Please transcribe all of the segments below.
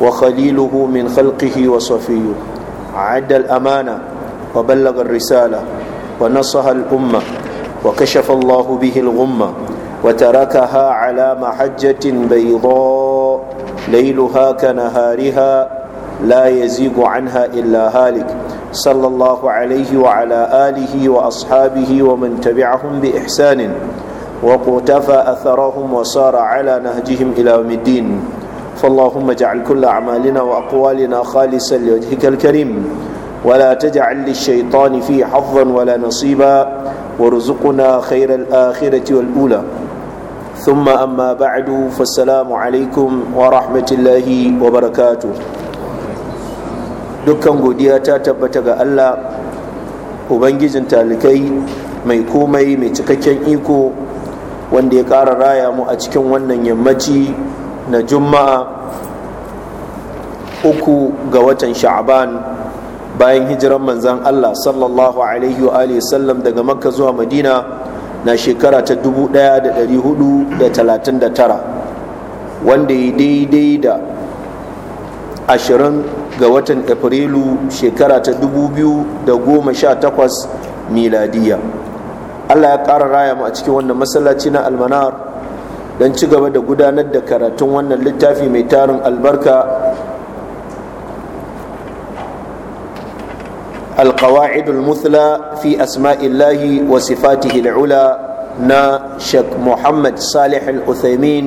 وخليله من خلقه وصفيه عد الأمانة وبلغ الرسالة ونصح الأمة وكشف الله به الغمة وتركها على محجة بيضاء ليلها كنهارها لا يزيغ عنها إلا هالك صلى الله عليه وعلى آله وأصحابه ومن تبعهم بإحسان وقتفى أثرهم وصار على نهجهم إلى يوم الدين فاللهم اجعل كل أعمالنا وأقوالنا خالصا لوجهك الكريم ولا تجعل للشيطان فيه حظا ولا نصيبا وارزقنا خير الآخرة والأولى ثم أما بعد فالسلام عليكم ورحمة الله وبركاته dukkan godiya ta tabbata ga Allah ubangijin talikai mai komai mai cikakken iko wanda ya ƙara raya mu a cikin wannan yammaci na juma'a uku ga watan sha'aban bayan hijiran manzan allah sallallahu alaihi wa sallam daga makka zuwa madina na shekara ta 1439 wanda ya daidai da ashirin ga watan afrilu shekara ta 2018 miladiya allah ya ƙara raya mu a cikin wannan masallaci na almanar don ci gaba da gudanar da karatun wannan littafi mai tarin albarka القواعد المثلى في أسماء الله وصفاته العلى نا شك محمد صالح الأثيمين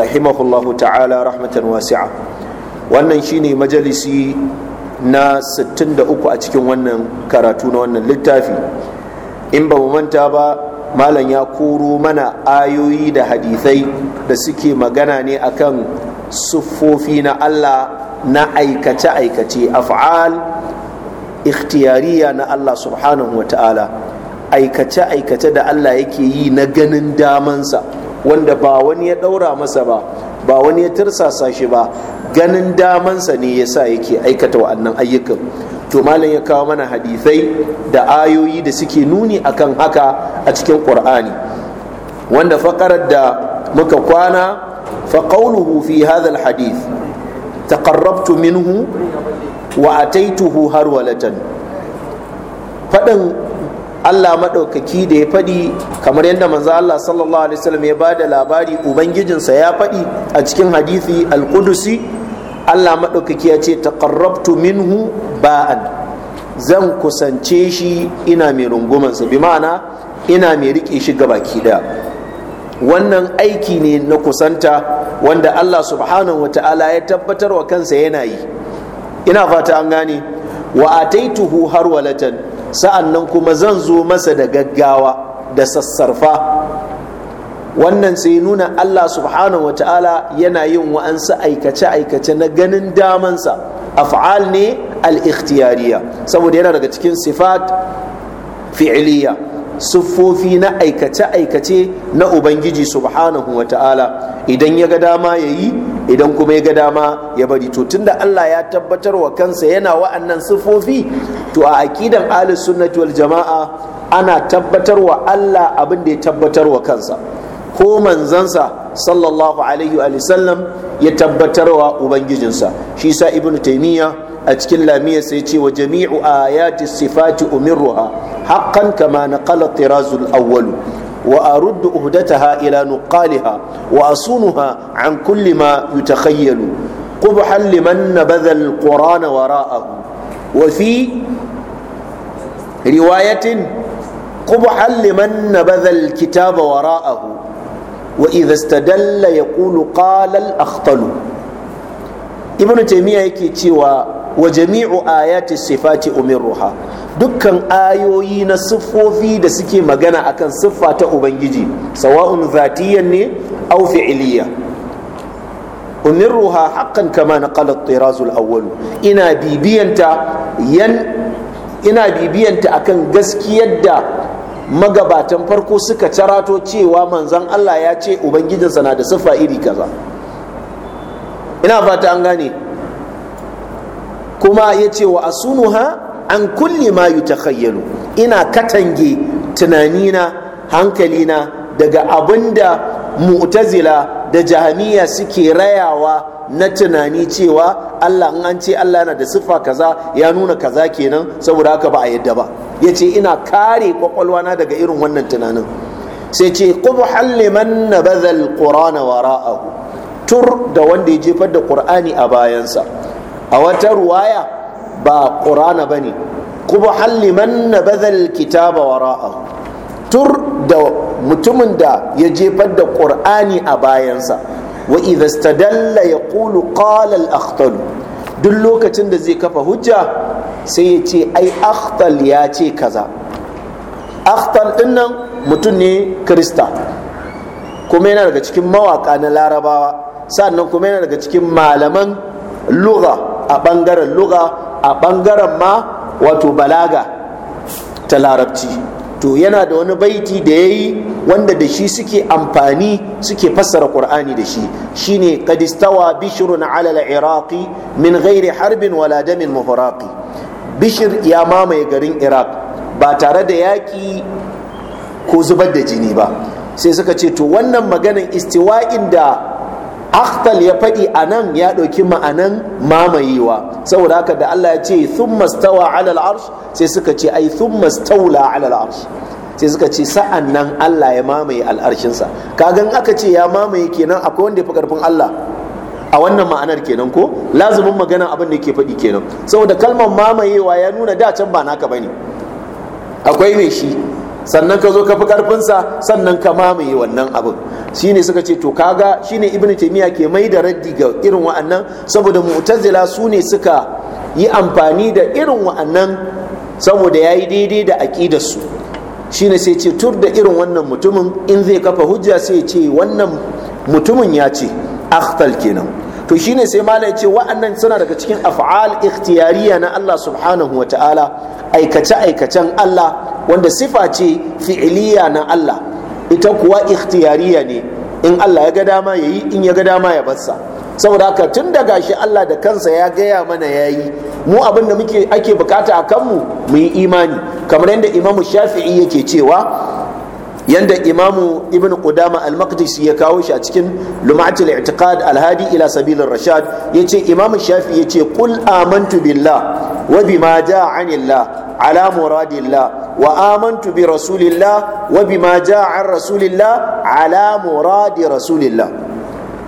رحمه الله تعالى رحمة واسعة wannan shine majalisi na 63 a cikin wannan karatu na wannan littafi in ba mu manta ba malam ya koro mana ayoyi da hadisai da suke magana ne akan siffofi na Allah na aikace-aikace af'al ikhtiyariya na Allah subhanahu wa ta'ala aikace-aikace da Allah yake yi na ganin damansa wanda ba wani ya ɗaura masa ba ba wani ya tirsasa shi ba ganin damansa ne yasa yake aikata wa'annan ayyukan to malam ya kawo mana hadisai da ayoyi da suke nuni akan haka a cikin qur'ani wanda faƙarar da muka kwana faƙauluhu fi hadha hadis taqarrabtu minhu wa ataituhu harwalatan faɗin Allah maɗaukaki da ya faɗi kamar yadda manzo Allah sallallahu alaihi wasallam ya bada labari ubangijinsa ya faɗi a cikin hadisi alqudusi Allah maɗaukaki ya ce taqarrabtu minhu ba'an zan kusance shi ina mai rungumansa bi ma'ana ina mai riƙe shi gabaki da. wannan aiki ne na kusanta wanda Allah subhanahu wata'ala ya tabbatar wa kansa yana yi ina fata an gane wa ataituhu har sa'an nan kuma zan zo masa da gaggawa da sassarfa wannan sai nuna Allah subhanahu wa ta'ala yana yin wa'ansa aikace-aikace na ganin damansa af'al ne al-ikhtiyariya saboda yana daga cikin sifat fi'iliya siffofi na aikace-aikace na ubangiji subhanahu wa ta'ala idan ya ga dama ya yi idan kuma ya ga dama ya bari to tunda Allah ya tabbatar wa kansa yana wa'annan siffofi to a aqidan ahlus sunnati wal jama'a ana tabbatar wa Allah abin da ya tabbatar wa kansa ko manzansa sallallahu alaihi wa sallam ya tabbatarwa ubangijinsa shi sa ibnu taymiya a cikin lamiyar sai ce wa jami'u ayati sifati umirruha haqqan kama naqala tirazul awwal wa aruddu uhdataha ila nuqaliha wa asunuha an kulli ma yutakhayyalu قبحا لمن نبذ القرآن وراءه وفي رواية قبحا لمن نبذ الكتاب وراءه wa idha istadalla yaqulu qala al-akhtalu ibnu yake cewa wa jami'u ayati sifati umirruha dukkan ayoyi na siffofi da suke magana akan siffa ta ubangiji sawa'un zatiyan ne aw fi'liya umirruha haqqan kama naqala at-tiraz al-awwal ina bibiyanta yan ina bibiyanta akan gaskiyar da magabatan farko suka carato cewa manzan Allah ya ce ubangijinsa na da siffa iri kaza ina fata an gane kuma ya ce wa asunuha an kulli ma yutakhayyalu ina katange tunanina hankalina daga abinda mu'tazila da jahaniya suke rayawa na tunani cewa Allah in an ce Allah yana da siffa kaza ya nuna kaza kenan saboda haka ba a yadda ba ya ce ina kare kwakwalwana daga irin wannan tunanin sai ce qubhal liman nabadha alqur'ana wara'ahu tur da wanda ya jefar da qur'ani a bayansa a wata ruwaya ba qur'ana bane qubhal liman nabadha alkitaba wara'ahu tur da mutumin da ya jefar da ƙur'ani a bayansa wa idha stadalla ya ƙulu ƙalal akhtal duk lokacin da zai kafa hujja sai ya ce ai akhtal ya ce kaza akhtal din mutum ne krista kuma yana daga cikin mawaka na larabawa sannan kuma yana daga cikin malaman lura a bangaren lugha a bangaren ma wato balaga ta larabci to yana da wani baiti da ya yi wanda da shi suke amfani suke fassara qur'ani da shi shine qad istawa bishrun ala al-iraqi min gairi harbin wala damin bishir ya mamaye garin iraq ba tare da yaƙi ko zubar da jini ba sai suka ce to wannan maganan istiwa'in da akhtal ya faɗi anan ya ɗauki ma'anan mamayewa saboda haka da Allah ya ce thumma stawa ala al'arsh sai suka ce ai thumma staula ala al'arsh sai suka ce sa'an nan Allah ya mamaye al'arshinsa kagan aka ce ya mamaye kenan akwai wanda ya fi karfin Allah a wannan ma'anar kenan ko lazumin magana abin da yake faɗi kenan saboda kalmar mamayewa ya nuna da can ba naka bane akwai mai shi sannan ka zo ka fi karfinsa sannan ka mamaye wannan abin shine suka ce to kaga shine ibnu taymiya ke mai da raddi ga irin wa'annan saboda mu'tazila su ne suka yi amfani da irin wa'annan saboda yayi daidai da aqidar su shine sai ce tur da irin wannan mutumin in zai kafa hujja sai ce wannan mutumin ya ce akhtal kenan to shine sai malai ce wa'annan suna daga cikin af'al ikhtiyariya na Allah subhanahu wa ta'ala aikace aikacen Allah wanda sifa ce fi'iliya na Allah ita kuwa ikhtiyariya ne in Allah ya ga dama yayi in ya ga dama ya barsa saboda haka tun da gashi Allah da kansa ya gaya mana yayi mu abin da muke ake bukata a kanmu mu yi imani kamar yadda Imam Shafi'i yake cewa yanda imamu ibn qudama al maqdis ya kawo shi a cikin lumatul i'tiqad al-hadi ila sabilir rashad yace imamu shafi yace qul amantu billah wa bima jaa anillah ala muradillah wa amantu bi rasulillah wa bima jaa an rasulillah ala muradi rasulillah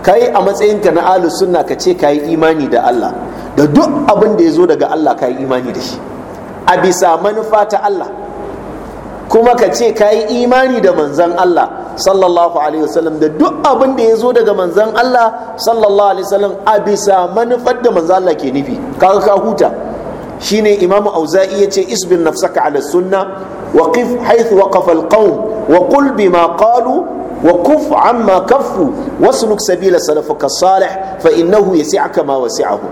kai a matsayinka na ahlus sunna ka ce kai imani da Allah da duk abin da ya zo daga Allah kai imani da shi a bisa manufa ta Allah kuma ka ce ka yi imani da manzan Allah sallallahu alaihi wasallam da duk abin da ya zo daga manzan Allah sallallahu alaihi wasallam a bisa manufar da manzan Allah ke nufi kaga ka huta shine imamu auza'i ya ce isbin nafsaka ala sunna wa qif haythu waqafa alqawm wa qul bima qalu wa kuf amma kaffu wasluk sabila salafuka salih fa innahu yasi'uka ma wasi'ahu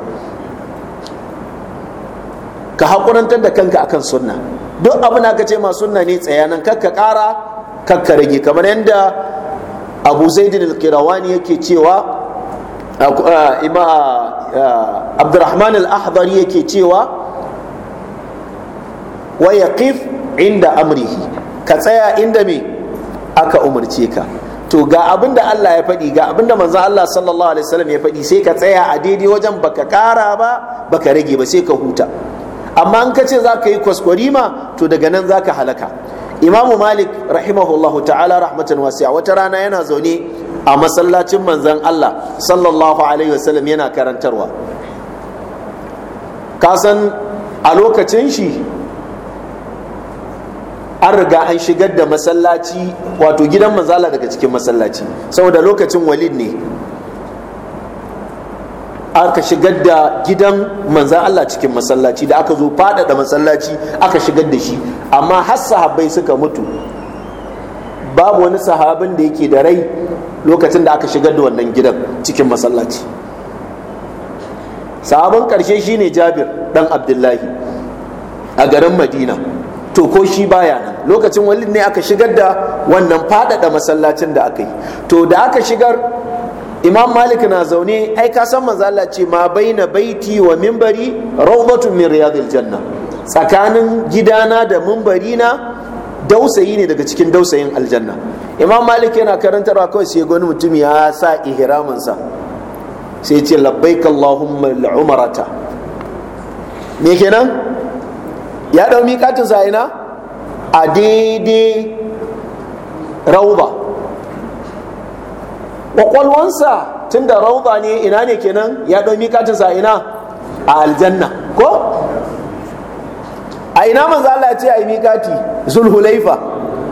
ka haƙurantar da kanka akan sunna duk abin da ka ce masu sunna ne tsayanan kakka kara kakka rage kamar yadda abu zaidin al-kirawani yake cewa ima abdurrahman al-ahdari yake cewa wa yaqif inda amrihi ka tsaya inda me aka umarce ka to ga abin da Allah ya faɗi ga abin da manzon Allah sallallahu alaihi wasallam ya faɗi sai ka tsaya a daidai wajen baka ƙara ba baka rage ba sai ka huta amma an ka ce za ka yi kwaskwarima to daga nan za ka halaka imamu malik rahimahullahu ta'ala rahmatan wasi'a wata rana yana zaune a masallacin manzan allah sallallahu alaihi wasallam yana karantarwa Ka san a lokacin shi an riga an shigar da masallaci wato gidan manzala daga cikin masallaci saboda lokacin walid ne aka shigar da gidan manzan Allah cikin masallaci da aka zo faɗaɗa masallaci aka shigar da shi amma har sahabbai suka mutu babu wani sahabin da yake da rai lokacin da aka shigar da wannan gidan cikin masallaci sahabin ƙarshe shine jabir ɗan abdullahi a garin madina to ko shi baya nan lokacin walid ne aka shigar da wannan faɗaɗa masallacin da aka yi to da aka shigar imam malik na zaune ai ka san manzo Allah ce ma baina baiti wa minbari rawdatun min riyadil janna tsakanin gidana da minbari na dausayi ne daga cikin dausayin aljanna imam malik yana karantarwa kawai sai gani mutum ya sa ihramin sa sai ce labbaik allahumma al'umrata me kenan ya dau miƙatin sa ina a daidai rauba kwakwalwansa da rauda ne ina ne kenan ya ɗau sa ina a aljanna ko a ina manzo Allah ya ce ai mikati zulhulaifa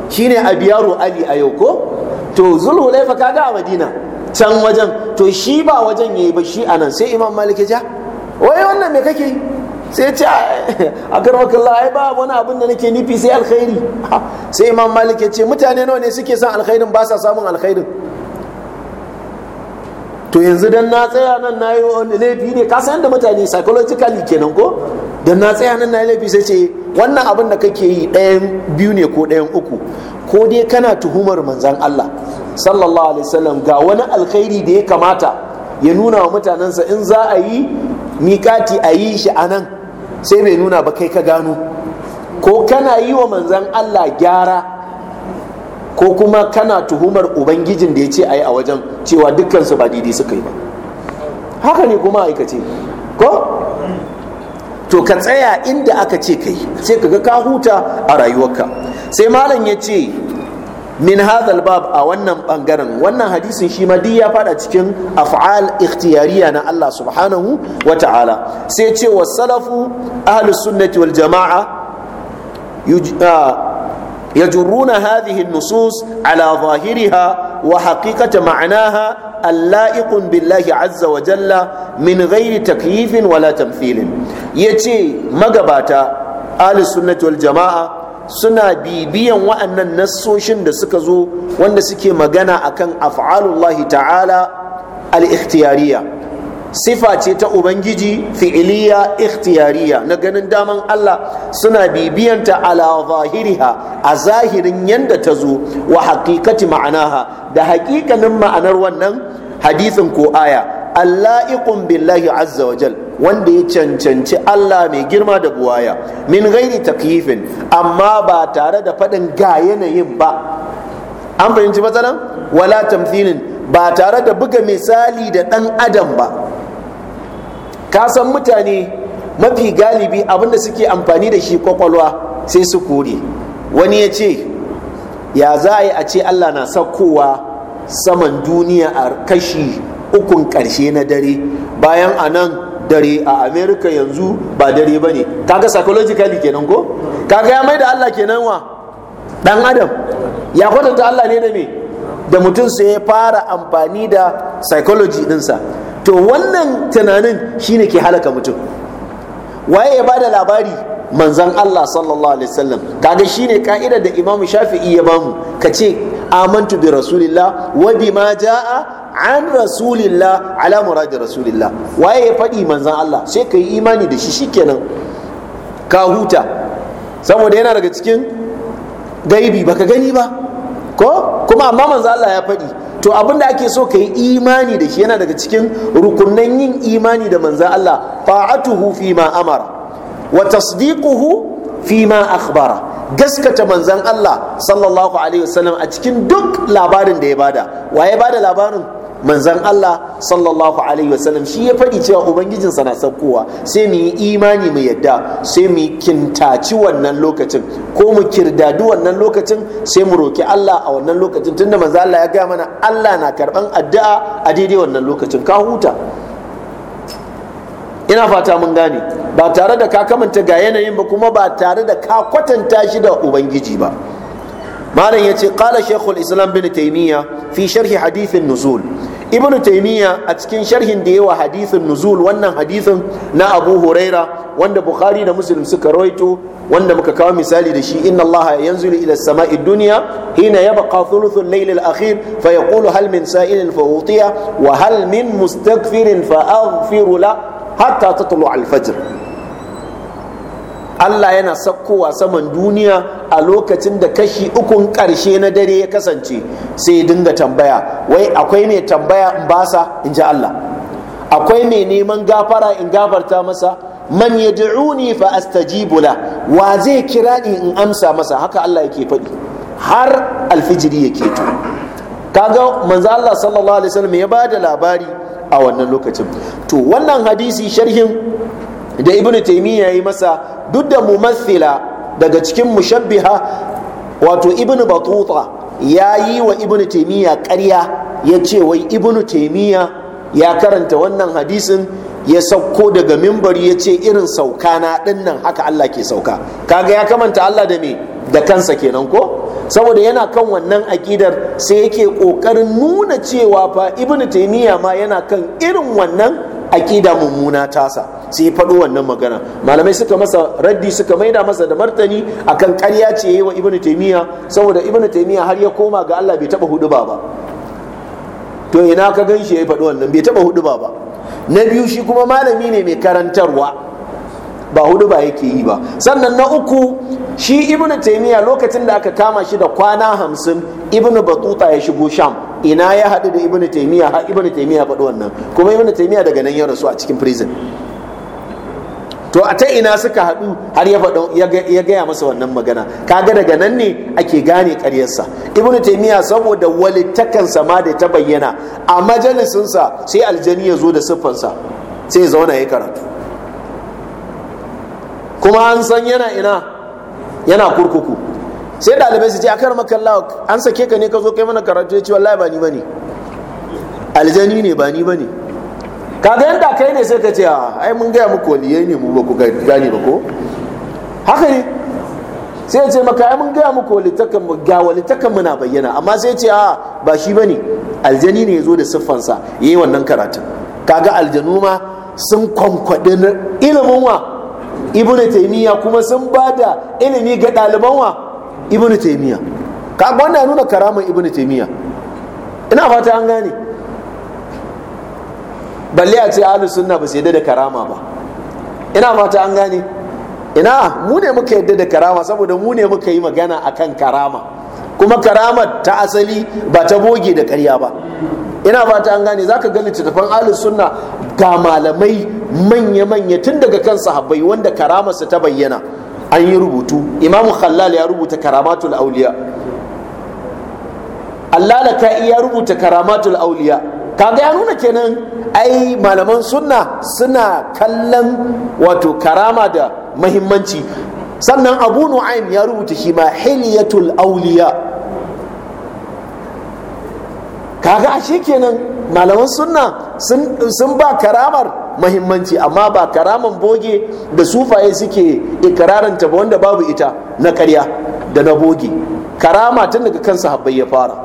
shine abiyaru ali a yau ko to zulhulaifa kaga a madina can wajen to shi ba wajen yayi ba shi anan sai imam malik ja wai wannan me kake sai ce a karmakallah ai ba wani abin da nake nufi sai alkhairi sai imam malik ya ce mutane nawa ne suke son alkhairin ba sa samun alkhairin to yanzu dan na tsaya nan na yi laifi ne ka san mutane psychologically kenan ko dan na tsaya nan na yi laifi sai ce wannan abin da kake yi ɗayan biyu ne ko ɗayan uku ko dai kana tuhumar manzan Allah sallallahu alaihi wasallam ga wani alkhairi da ya kamata ya nuna wa mutanensa in za a yi mikati a yi shi a nan sai bai nuna ba kai ka gano ko kana yi wa manzan Allah gyara ko kuma kana tuhumar ubangijin da ya ce ayi a wajen cewa dukkansu ba daidai suka yi ba haka ne kuma aikace ko to ka tsaya inda aka ce kai, yi sai ka ga ka huta a rayuwarka sai malam ya ce min hadhal bab a wannan bangaren wannan hadisin shi ma duk ya fada cikin af'al ikhtiyariya na Allah subhanahu wata'ala sai ce wa salafu ahlus sunnati wal jama'a ah, يجرون هذه النصوص على ظاهرها وحقيقة معناها اللائق بالله عز وجل من غير تكييف ولا تمثيل يتي مقباتا آل السنة والجماعة suna bibiyan wa'annan nassoshin da suka zo wanda suke magana akan af'alullahi ta'ala al-ikhtiyariya sifa ce ta ubangiji fi'iliya ikhtiyariya na ganin daman Allah suna bibiyanta ala zahiriha a zahirin yanda ta zo wa haqiqati ma'anaha da haƙiƙanin ma'anar wannan hadisin ko aya alla'iqun billahi azza wa jal wanda ya cancanci Allah mai girma da buwaya min ghairi takyifin amma ba tare da faɗin ga yanayin ba an fahimci matsalan wala tamthilin ba tare da buga misali da ɗan adam ba ka san mutane mafi galibi abinda suke amfani da shi kwakwalwa sai su kore wani ya ce ya za a yi a ce allah na saukowa saman duniya a kashi ukun karshe na dare bayan a nan dare a america yanzu ba dare ba ne kaga psychologically kenan ko kaga ya mai da allah kenan wa dan adam ya kwatanta allah ne da me da mutum sai ya fara amfani da psychology dinsa to wannan tunanin shine ke halaka mutum waye ya bada labari manzan Allah sallallahu alaihi wasallam kaga shine ka'idar da Imam Shafi'i ya bamu kace amantu bi rasulillah wa bima jaa an rasulillah ala muradi rasulillah waye ya faɗi manzan Allah sai ka yi imani da shi shikenan ka huta saboda yana daga cikin gaibi baka gani ba ko kuma amma manzan Allah ya faɗi to abin da ake so ka yi imani da shi yana daga cikin rukunan yin imani da manzan Allah fa'atuhu fi ma amara wa tasdiquhu fi ma gaskata manzan Allah sallallahu alaihi wasallam a cikin duk labarin da ya bada wa ya bada labarin manzan Allah sallallahu alaihi wasallam shi ya faɗi cewa ubangijinsa na saukowa sai mu yi imani mu yadda sai mu kintaci wannan lokacin ko mu kirdadu wannan lokacin sai mu roki Allah a wannan lokacin tunda manzan Allah ya gaya mana Allah na karban addu'a a daidai wannan lokacin ka huta ina fata mun gane ba tare da ka kamanta ga yanayin ba kuma ba tare da ka kwatanta shi da ubangiji ba malam yace qala shaykhul islam bin taymiya fi sharhi hadithin nuzul ibn taymiya a cikin sharhin da yawa hadithin nuzul wannan hadithin na abu huraira wanda bukhari da muslim suka rawaito wanda muka kawo misali da shi inna allaha yanzulu ila samai dunya hina yabqa thuluthul layl al akhir fa yaqulu hal min sa'ilin fa wa hal min mustaghfirin fa aghfiru la hatta tatlu al fajr Allah yana saukowa saman duniya a lokacin da kashi ukun karshe na dare ya kasance sai dinga tambaya wai akwai mai tambaya in basa in ji Allah akwai mai neman gafara in gafarta masa man yad'uni fa astajibu la wa zai kira ni in amsa masa haka Allah yake faɗi har alfijiri yake to kaga manzo Allah sallallahu alaihi wasallam ya bada labari a wannan lokacin to wannan hadisi sharhin da ibnu taymiya yi masa duk da mumathila daga cikin mushabbiha wato ibnu batuta ya yi wa ibnu taimiyya karya ya ce wai ibnu taimiyya ya karanta wannan hadisin ya sauko daga mimbar ya ce irin sauka na ɗin haka Allah ke sauka kaga ya kamanta Allah da me da kansa kenan ko saboda yana kan wannan aƙidar sai yake ƙoƙarin nuna cewa fa ibnu taimiyya ma yana kan irin wannan aƙida mummuna tasa sai ya faɗo wannan magana malamai suka masa raddi suka maida masa da martani akan ƙarya ce yi wa ibn taimiyya saboda ibn taimiyya har ya koma ga Allah bai taɓa hudu ba to ina ka gan shi ya faɗi wannan bai taɓa hudu ba na biyu shi kuma malami ne mai karantarwa ba hudu ba yake yi ba sannan na uku shi ibn taimiyya lokacin da aka kama shi da kwana hamsin ibn batuta ya shigo sham ina ya haɗu da Ibn taimiya har ibn taimiya faɗi wannan kuma Ibn taimiya daga nan ya rasu a cikin prison to a ta ina suka haɗu har ya faɗo ya gaya masa wannan magana kaga daga nan ne ake gane ƙaryarsa ibn taimiya saboda walittakan ma da ta bayyana a majalisinsa sai aljani ya zo da siffansa sai ya zauna ya karatu kuma an san yana ina yana kurkuku sai dalibai su ce akar makalla an sake ka ne ka zo kai mana karatu ya ce wallahi ba ni bane aljani ne ba ni bane kaga yanda kai ne sai ka ce a ah, ai mun gaya muku waliyai ne mu ba ku gane ba ko haka ne sai ce maka ai mun gaya muku walitakan mu ga walitakan muna bayyana amma sai ce a ah, ba shi bane aljani ne ya zo da siffansa yayi wannan karatun kaga aljanu ma sun kwankwaɗi ilimin wa ibnu taymiya kuma sun bada ilimi ga ɗaliban wa ibnu taimiya ka wannan nuna karaman ibnu taimiya ina fata an gane balle a ce ahlus sunna ba su yadda da karama ba ina fata an gane ina mu ne muka yadda da karama saboda mu ne muka yi magana akan karama kuma karamar ta asali ba ta boge da karya ba ina fata an gane zaka ga littattafan ahlus sunna ga malamai manya-manya tun daga kan sahabbai wanda karamarsa ta bayyana an yi rubutu imamu khallal ya rubuta karamatul auliya allala ka'i ya rubuta karamatul auliya kaga ya nuna kenan ai malaman sunna suna kallon wato karama da mahimmanci sannan abu nu'aim ya rubuta shi ma hiliyatul auliya kaga ashe kenan malaman sunna sun ba karamar mahimmanci amma ba karaman boge da sufaye suke ikararanta ba wanda babu ita na karya da na boge karama tun daga kansa habbai ya fara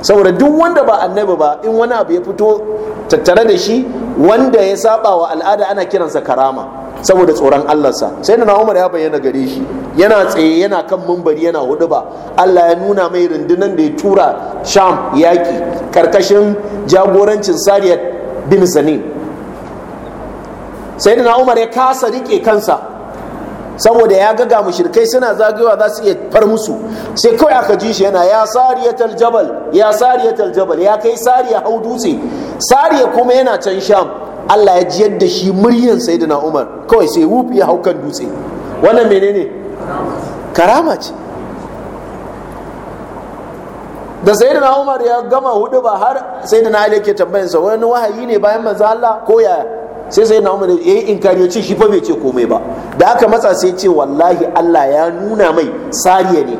saboda duk wanda ba annabi ba in wani abu ya fito tattare da shi wanda ya saba wa al'ada ana kiransa karama saboda tsoron sa, sai na Umar ya bayyana gare shi yana tsaye yana kan mumbari yana hudu ba Allah ya nuna mai rundunan da ya tura Sham yaƙi, karkashin jagorancin Sariyat bin Zanin sai da umar ya kasa rike kansa saboda ya ga shirikai suna zagayowa za su iya far musu sai kawai aka ji shi yana ya Sariya taljabal, ya Sariya taljabal ya kai sariya hau dutse sariya kuma yana can sham Allah ya ji yadda shi muryan sayyidina Umar kawai sai wufi ya haukan dutse wannan menene karama ce da sayyidina Umar ya gama hudu ba har sayyidina Ali yake tambayansa wani wahayi ne bayan manzo Allah ko yaya sai sai na umar ya yi inkari ce shi fa bai ce komai ba da aka matsa sai ce wallahi Allah ya nuna mai sariya ne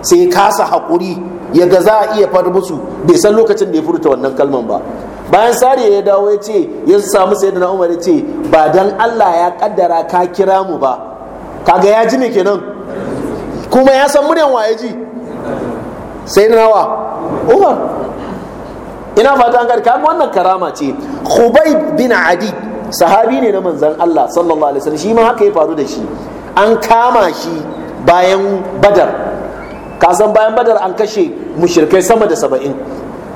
sai kasa hakuri ya ga za a iya far musu bai san lokacin da ya furta wannan kalman ba bayan sariya ya dawo ya ce ya samu sai na umar ya ce ba dan Allah ya kaddara ka kira mu ba kaga ya ji me kenan kuma ya san muryan waye ji sai na umar ina fata an wannan karama ce khubayb bin adi sahabi ne na manzan Allah sallallahu alaihi wasallam shi ma haka ya faru da shi an kama shi bayan badar kasan bayan badar an kashe mushrikai sama da saba'in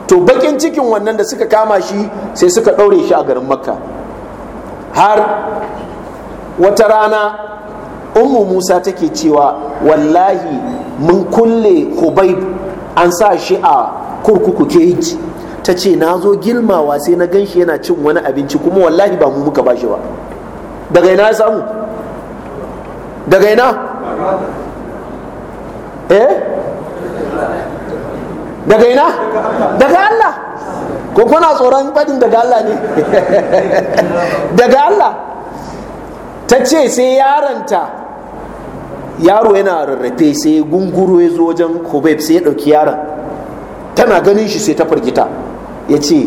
to bakin cikin wannan da suka kama shi sai suka ɗaure shi a garin makka har wata rana ummu musa take cewa wallahi mun kulle hubaib an sa shi a kurkuku keji ta ce na zo gilmawa sai na gan shi yana cin wani abinci kuma wallahi ba mu muka ba shi ba daga ina ya samu daga ina eh daga ina daga Allah ko kuna tsoron fadin daga Allah ne daga Allah ta ce sai yaranta yaro yana rarrafe sai gunguru ya zo wajen hubeb sai ya ɗauki yaron tana ganin shi sai ta firgita ya ce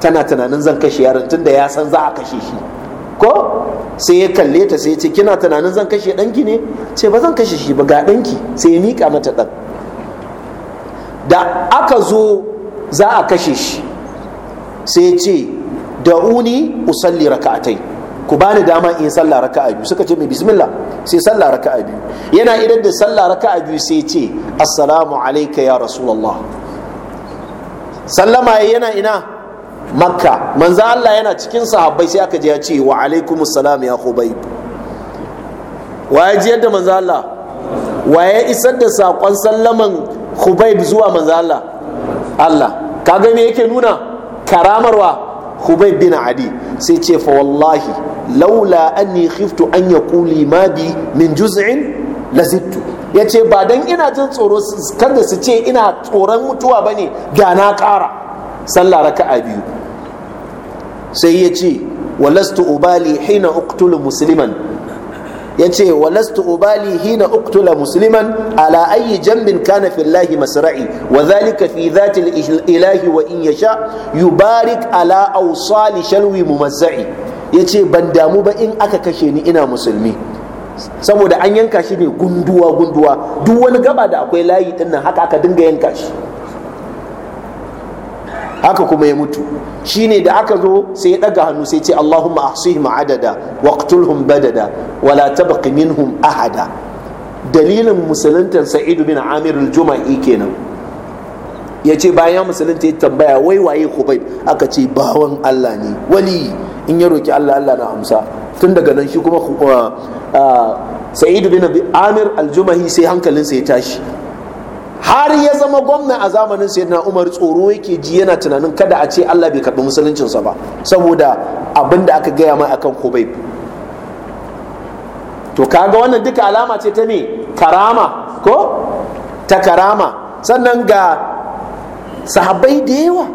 tana tunanin zan kashe yaron tun da ya san za a kashe shi ko sai ya kalle ta sai ya ce kina tunanin zan kashe ɗanki ne ce ba zan kashe shi ba ga ɗanki sai ya miƙa mata ɗan da aka zo za a kashe shi sai ya ce uni usalli raka'atai ku bani dama in sallah raka'a biyu suka ce mai bismillah sai sallah raka'a biyu yana idan da sallah raka'a biyu sai ce assalamu alayka ya rasulullah sallama yana ina makka manzan Allah yana cikin sahabbai sai aka je ya ce wa alaikum salam ya Wa ya ji yadda manzan Allah ya isar da saƙon sallaman khubayb zuwa manzan Allah Allah kaga me yake nuna karamarwa khubayb bin adi sai ce fa wallahi laula anni khiftu an yaquli ma bi min juz'in lazittu ya ce ba don ina jin tsoro kan da su ce ina tsoron mutuwa ba ne da na ƙara sallah raka'a biyu sai ya ce walastu ubali hina uktulu musliman ya ce walastu ubali hina uktula musliman ala ayi jambin kana fillahi masra'i wa zalika fi dhati ilahi wa in yasha yubarik ala awsali shalwi mumazzai ya ce ban damu ba in aka kashe ni ina musulmi saboda an yanka shi ne gunduwa gunduwa duk wani gaba da akwai layi din haka aka dinga yanka shi haka kuma ya mutu Shi ne da aka zo sai ya ɗaga hannu sai ce Allahumma ahsihim adada waqtulhum badada wala tabqi minhum ahada dalilin musuluntan Sa'idu bin Amir al-Juma'i kenan ya ce bayan musulunta ya tambaya wai waye Khubayb aka ce bawan Allah ne wali in ya roki Allah Allah na amsa tun daga nan shi kuma uh, uh, sa'idu bin amir aljumahi sai hankalin hankalinsa ya tashi har ya zama gwamna a zamanin na umar tsoro yake ji yana tunanin kada a ce allah bai karɓi musuluncinsa ba saboda abin da aka gaya mai akan kobai to kaga wannan duka alama ce ta me karama ko ta karama sannan ga sahabbai da yawa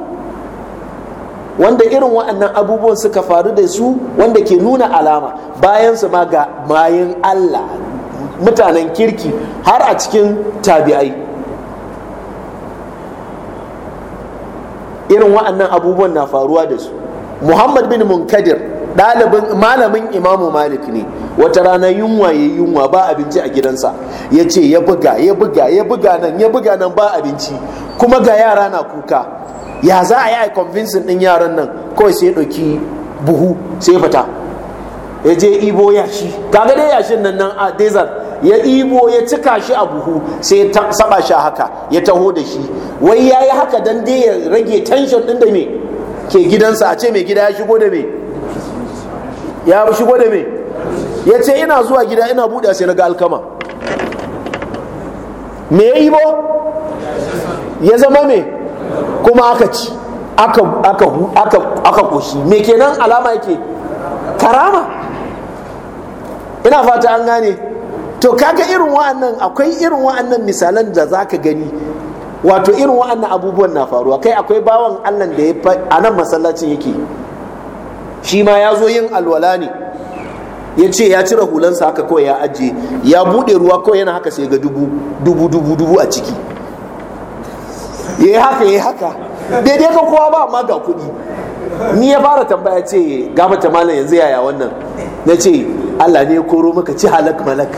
wanda irin wa'annan abubuwan suka faru da su wanda ke nuna alama bayan su ma ga bayan Allah mutanen kirki har a cikin tabi'ai irin wa'annan abubuwan na faruwa da su muhammad bin munkadir ɗalibin malamin imamu malik ne wata rana yunwa ya yunwa ba abinci a gidansa ya ce ya buga ya buga ya buga nan ya buga nan ba abinci kuma ga yara na kuka ya za a yi a convincing din yaran nan kawai sai ɗauki buhu sai fita ya je ibo yashi kaga dai yashin nan nan a desert ya ibo ya cika shi a buhu sai ya saba shi haka ya taho da shi wai ya yi haka dan dai ya rage tension din da me ke gidansa a ce mai gida ya shigo da me ya shigo da me ya ce ina zuwa gida ina buɗe sai na ga alkama me ya ibo ya zama me kuma aka ci aka me kenan alama yake karama ina fata an gane to kaga irin wa'annan akwai irin wa'annan misalan da za ka gani wato irin wa'annan abubuwan na faruwa kai akwai bawan allah da ya a nan masallacin yake shi ma ya zo yin alwala ne ya ce ya cire hulansa haka kawai ya ajiye ya buɗe ruwa kawai yana haka sai ga dubu dubu dubu dubu a ciki ya eh, yi haka ya eh, yi haka daidai ka kowa ba ma ga kuɗi ni ya fara tambaya ce gaba ta malam yanzu yaya wannan na ce allah ne ya koro maka ci halak malak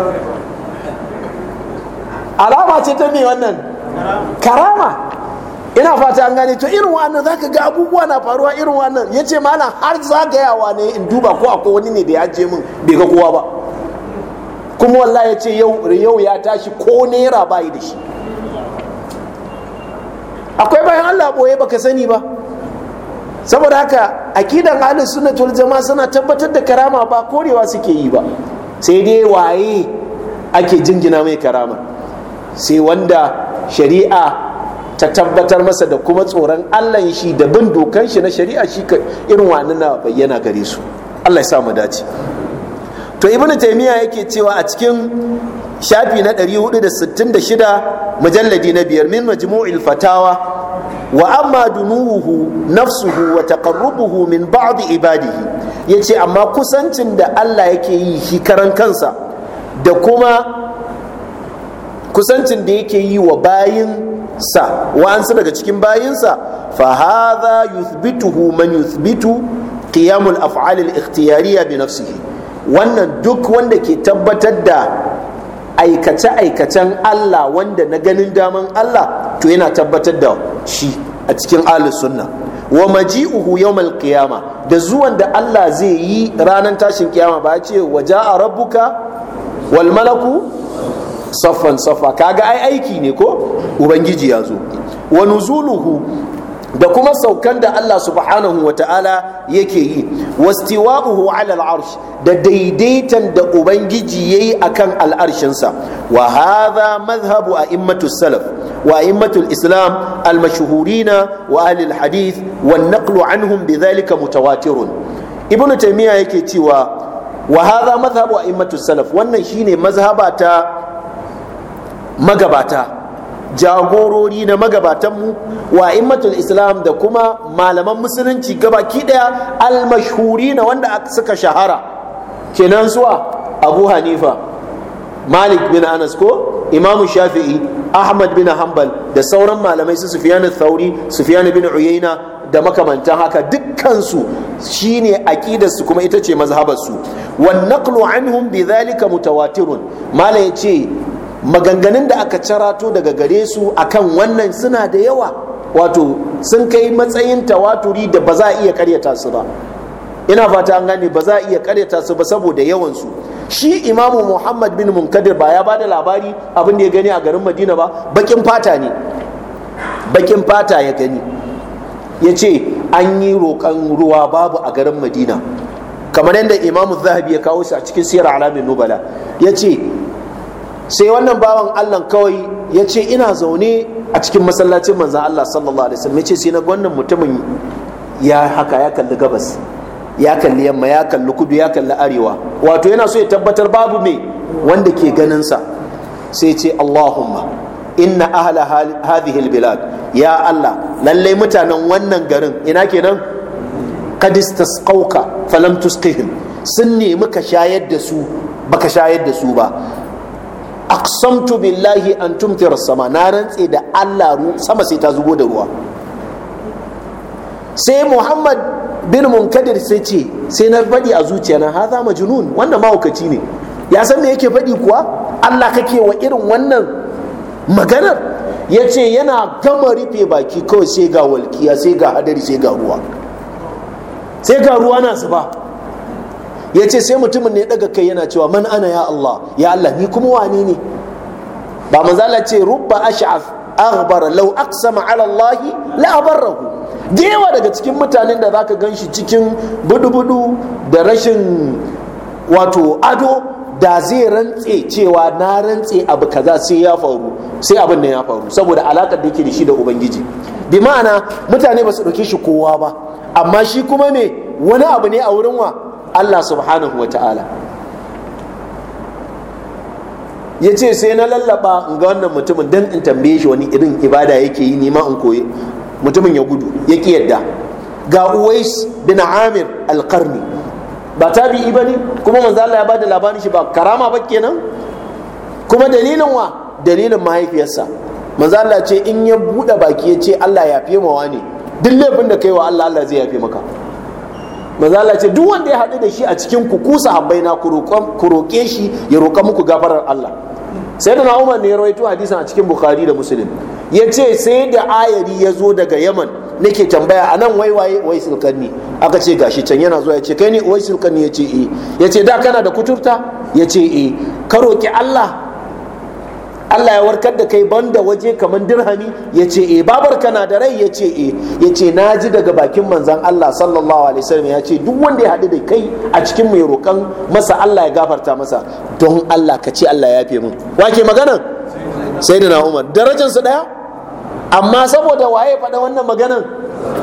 alama ce ta me wannan karama ina fata an gane to irin wannan zaka ga abubuwa na faruwa irin wannan yace malam har yawa ne in duba ko akwai wani ne da ya je min bai ga kowa ba kuma wallah ya ce yau ya tashi ko nera bayi da shi akwai bayan allah ɓoye baka sani ba saboda haka akidan ahlus sunnatul jama'a suna tabbatar da karama ba korewa suke yi ba sai dai waye ake jingina mai karama sai wanda shari'a ta tabbatar masa da kuma tsoron allah shi da bin dokan shi na shari'a shi irin wani na bayyana gare su allah ya sa mu dace to ibnu taymiya yake cewa a cikin shafi na 466 mujalladi na biyar min majmu'il fatawa wa amma dunuhu nafsuhu wa taqarrubuhu min ba'd ibadihi yace amma kusancin da Allah yake yi shi karan kansa da kuma kusancin da yake yi wa bayin sa wa'ansu daga cikin bayinsa fa hadha yuthbituhu man yuthbitu qiyamul af'al al-ikhtiyariyya bi nafsihi wannan duk wanda ke tabbatar da aikace-aikacen Allah wanda na ganin daman Allah to yana tabbatar da shi a cikin ahlus sunna wa maji'uhu yawmal qiyama da zuwan da Allah zai yi ranar tashin kiyama ba ce waja'a rabbuka wal malaku saffan saffa kaga ai aiki ne ko ubangiji ya zo wa nuzuluhu da kuma saukan da Allah subhanahu wa ta'ala yake yi wastiwa'uhu alal al'arsh da daidaitan da ubangiji yayi akan al'arshinsa wa madhabu a a'immatu salaf wa immatul islam al-mashhurina wa alil al-hadith wan naqlu anhum zalika mutawatirun ibnu taymiya yake cewa wa hadha madhhabu salaf wannan shine mazhaba ta magabata jagorori na magabatanmu wa immatul islam da kuma malaman musulunci gabaki daya almashhuri na wanda suka shahara kenan zuwa abu hanifa malik bin anas ko imamu shafi'i ahmad bin hanbal da sauran malamai su sufyan thauri sufyan bin uyaina da makamantan haka dukkansu shine aqidarsu kuma ita ce mazhabarsu wan naqlu anhum bidhalika mutawatirun malai yace maganganun da aka carato daga gare su akan wannan suna da yawa wato sun kai matsayin tawaturi da ba za a iya karyata su ba ina fata an gane ba za a iya karyata su ba saboda yawan su shi imamu muhammad bin munkadir ba ya bada labari abin da ya gani a garin madina ba bakin fata ne bakin fata ya gani ya ce an yi roƙon ruwa babu a garin madina kamar yadda imamu zahabi ya kawo shi a cikin siyar alamin nubala ya ce sai wannan bawan Allah kawai ya ce ina zaune a cikin masallacin manzan Allah sallallahu alaihi wasallam ya ce sai na wannan mutumin ya haka ya kalli gabas ya kalli yamma ya kalli kudu ya kalli arewa wato yana so ya tabbatar babu me wanda ke ganinsa sai ce Allahumma inna ahla hadhihi albilad ya Allah lallai mutanen wannan garin ina kenan qad istasqauka falam tusqihim sun nemi ka shayar da su baka shayar da su ba aqsamtu billahi an tumtira sama na rantse da Allah sama sai ta zubo da ruwa sai Muhammad bin Munkadir sai ce sai na faɗi a zuciyana haza majnun wannan mahaukaci ne ya san me yake faɗi kuwa Allah kake wa irin wannan maganar ya ce yana gama rufe baki kawai sai ga walkiya sai ga hadari sai ga ruwa sai ga ruwa na zuba ya ce sai mutumin ne daga kai yana cewa man ana ya Allah ya Allah ni kuma wani ne ba manzala ce rubba ash'af aghbar law aqsama ala Allah la dewa daga cikin mutanen da zaka ganshi cikin budubudu da rashin wato ado da zai rantse cewa na rantse abu kaza sai ya faru sai abin nan ya faru saboda alakar da yake da shi da ubangiji bi ma'ana mutane ba su ɗauke shi kowa ba amma shi kuma me wani abu ne a wurin wa Allah subhanahu wa ta'ala ya ce sai na lallaba in ga wannan mutumin don in tambaye shi wani irin ibada yake yi nima in koyi mutumin ya gudu ya ki yadda ga uwais bin amir alkarni ba tabi'i ba ne kuma manzo Allah ya bada labarin shi ba karama ba kenan kuma dalilin wa dalilin mahaifiyarsa manzo Allah ce in ya buɗe baki ya ce Allah ya fi mawa ne duk laifin da kai wa Allah Allah zai yafe maka mazala ce duk wanda ya haɗu da shi a cikin ku kusa na ku roƙe shi ya roƙa muku gafarar Allah sai da na'umar ne ya rawaito hadisan a cikin Bukhari da musulun. ya ce sai da ayari ya zo daga Yaman nake tambaya a nan wai waye wai aka ce gashi can yana zuwa ya ce kai ne wai sulkarni ya ce eh ya ce da kana da kuturta ya ce eh ka roƙi Allah Allah ya warkar da kai banda waje kamar dirhami ya ce e eh, babar kana da rai ya ce e ya ce na ji daga bakin manzan Allah sallallahu alaihi wasallam ya ce duk wanda ya haɗu da kai a cikin mai roƙon masa Allah ya gafarta masa don Allah ka ce Allah ya fi mu wake magana sai da Umar su ɗaya amma saboda waye faɗa wannan maganan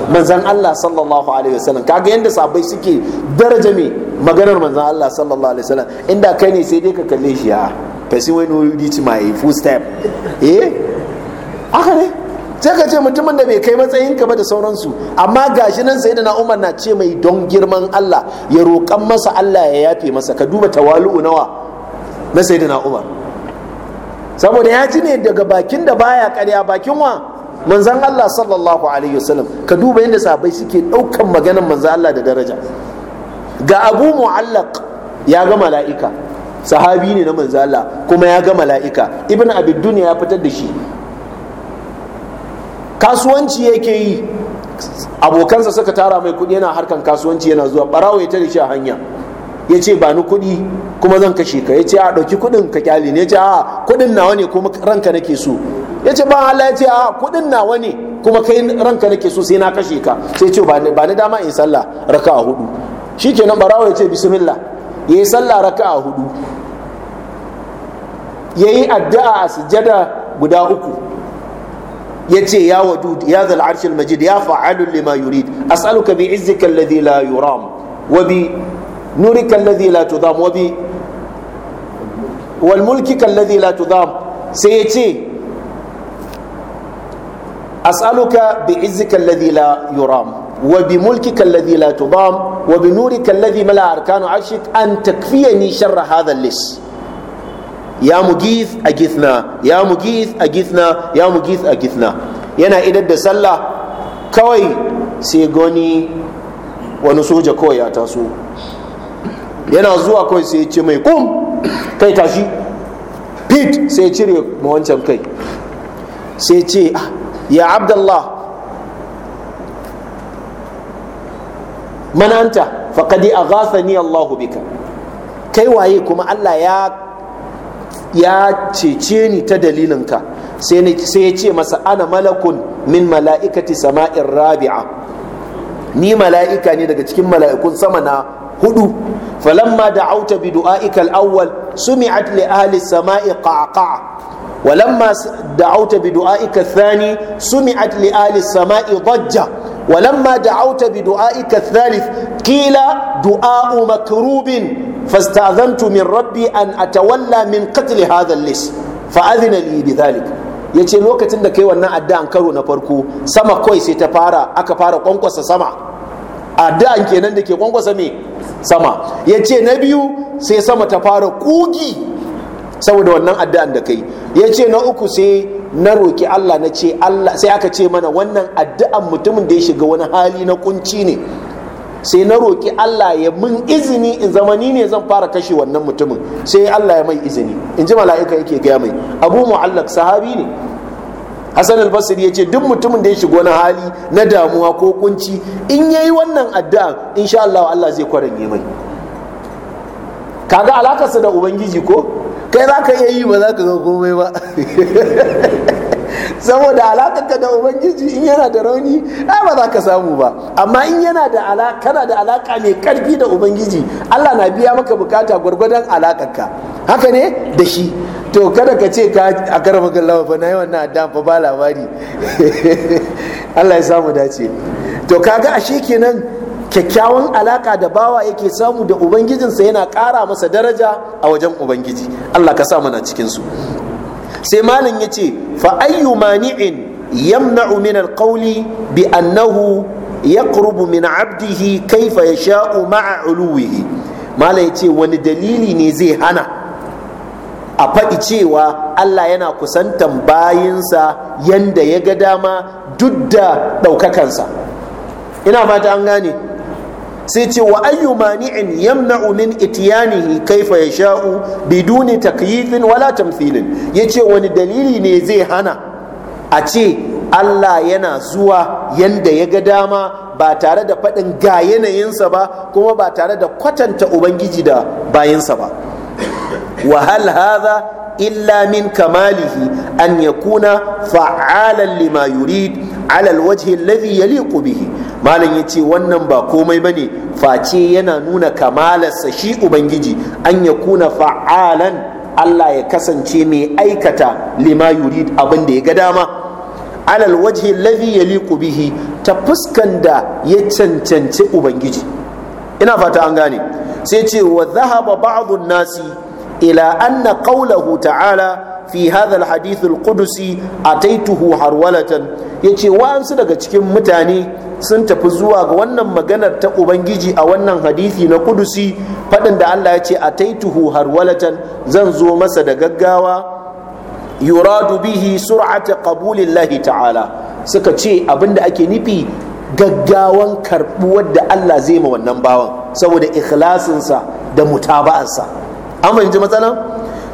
manzan Allah sallallahu alaihi wasallam kaga yanda sabai suke daraja me maganar manzan Allah sallallahu alaihi wasallam inda kai ne sai dai ka kalle shi ya ah, person wey no reach my full step eh aka ne sai ka ce mutumin da bai kai matsayin ka ba da sauransu amma gashi nan sai na umar na ce mai don girman allah ya roƙan masa allah ya yafe masa ka duba tawalu'u nawa na sai na umar saboda ya ji ne daga bakin da baya karya bakin wa manzan allah sallallahu alaihi wasallam ka duba yadda sabai suke ɗaukan maganar manzan allah da daraja ga abu mu'allaq ya ga mala'ika sahabi ne na Manzala kuma ya ga mala'ika ibn abid dunya ya fitar da shi kasuwanci yake yi abokansa suka tara mai kudi yana harkan kasuwanci yana zuwa barawo ya tare shi a hanya ya ce ba ni kudi kuma zan kashe ka ya ce a ɗauki kudin ka kyale ne ya ce a kudin nawa ne kuma ranka nake so ya ce ba Allah ya ce a kudin nawa ne kuma kai ranka nake so sai na kashe ka sai ce ba ni dama in sallah raka'a hudu shikenan barawo ya ce bismillah yayi sallah raka'a hudu ya yi addu'a a sujada guda uku ya ce ya wadud ya zal arshil majid ya fa'alun lima yurid as'aluka bi izzika alladhi la yuram wa bi nurika alladhi la tudam wa bi wal mulkika alladhi la tudam sai ya ce as'aluka bi izzika alladhi la yuram wa bi mulkika alladhi la tudam wa bi nurika alladhi mala arkanu arshik an takfiyani sharra hadha al-lis ya mu gis a gisna ya mu gis a gisna ya mu gis a gisna yana idar da sallah kawai sai goni wani soja kawai ya taso yana zuwa kawai sai ce mai kum kai tashi pit sai cire ma wancan kai sai ce ah, ya abdallah mananta faƙadi a gasa ni allahu bika kai waye kuma allah ya ya cece ni ta dalilinka sai ya ce masa ana malakun min mala'ikati sama'in rabi'a ni mala'ika ne daga cikin mala'ikun sama na hudu falamma da auta bi du'a'ika al'awwal sumi'at li ahli sama'i qaqa'a walamma da'auta bi du'a'ika thani sumi'at li ahli sama'i dajja walamma da'auta bi du'a'ika thalith qila du'a'u makrubin fasta'zantu min rabbi an atawalla min qatl hadha al-lis fa adhina li bidhalik yace lokacin da kai wannan addu'an karo na farko sama kawai sai ta fara aka fara kwankwasa sama addu'an kenan da ke kwankwasa me sama yace na biyu sai sama ta fara kugi saboda wannan addu'an da kai yace na uku sai na roki Allah na ce Allah sai aka ce mana wannan addu'an mutumin da ya shiga wani hali na kunci ne sai na roƙi Allah ya mun izini in zama ni ne zan fara kashe wannan mutumin sai Allah ya mai izini in ji mala'ika yake gaya mai abu mu'allak sahabi ne Hassan al-Basri ya ce duk mutumin da ya shiga wani hali na damuwa ko kunci in yayi wannan addu'a insha Allah Allah zai kwaranye mai kaga alakarsa da ubangiji ko kai za ka iya yi ba za ka ga komai ba saboda alaƙarka da ubangiji in yana da rauni ai ba za ka samu ba amma in yana da alaƙa kana da alaƙa mai ƙarfi da ubangiji allah na biya maka bukata gwargwadon alaƙarka haka ne da shi to kada ka ce ka a karfa gallawa fa na yi wannan addan fa ba labari allah ya samu dace to kaga ashe kenan kyakkyawan alaƙa da bawa yake samu da ubangijinsa yana ƙara masa daraja a wajen ubangiji allah ka sa mana cikinsu sai malam ya ce fa ayyu mani'in yamna'u min alqawli bi annahu yaqrubu min 'abdihi kaifa yasha'u ma'a 'uluwihi malam ya ce wani dalili ne zai hana a faɗi cewa Allah yana kusantan bayinsa yanda ya ga dama duk da ɗaukakansa ina fata an gane sai ce wa ayyu mani'in yamna'u min itiyanihi kaifa yasha'u biduni takyifin wala Ya ce wani dalili ne zai hana a ce Allah yana zuwa yanda ya ga dama ba tare da faɗin ga yanayinsa ba kuma ba tare da kwatanta ubangiji da bayansa ba wa hal haza illa min kamalihi an yakuna fa'alan lima yurid ala alwajhi alladhi yaliqu bihi malam ya ce wannan ba komai bane face yana nuna kamalarsa shi ubangiji an ya kuna fa'alan Allah ya kasance mai aikata lima yurid abin da ya ga dama alal lafi ya liku bihi ta fuskan da ya cancanci ubangiji ina fata an gane sai ce wa zahaba ba'adun nasi ila anna qawlahu ta'ala fi hadha alhadith alqudusi ataituhu harwalatan yace wasu daga cikin mutane sun tafi zuwa ga wannan maganar ta ubangiji a wannan hadithi na kudusi faɗin da Allah ya ce ataituhu harwalatan zan zo masa da gaggawa yuradu bihi sur'ata qabulillahi ta'ala suka ce abinda ake nufi gaggawan karɓuwar da Allah zai ma wannan bawan saboda ikhlasinsa da mutaba'arsa an fahimci matsalan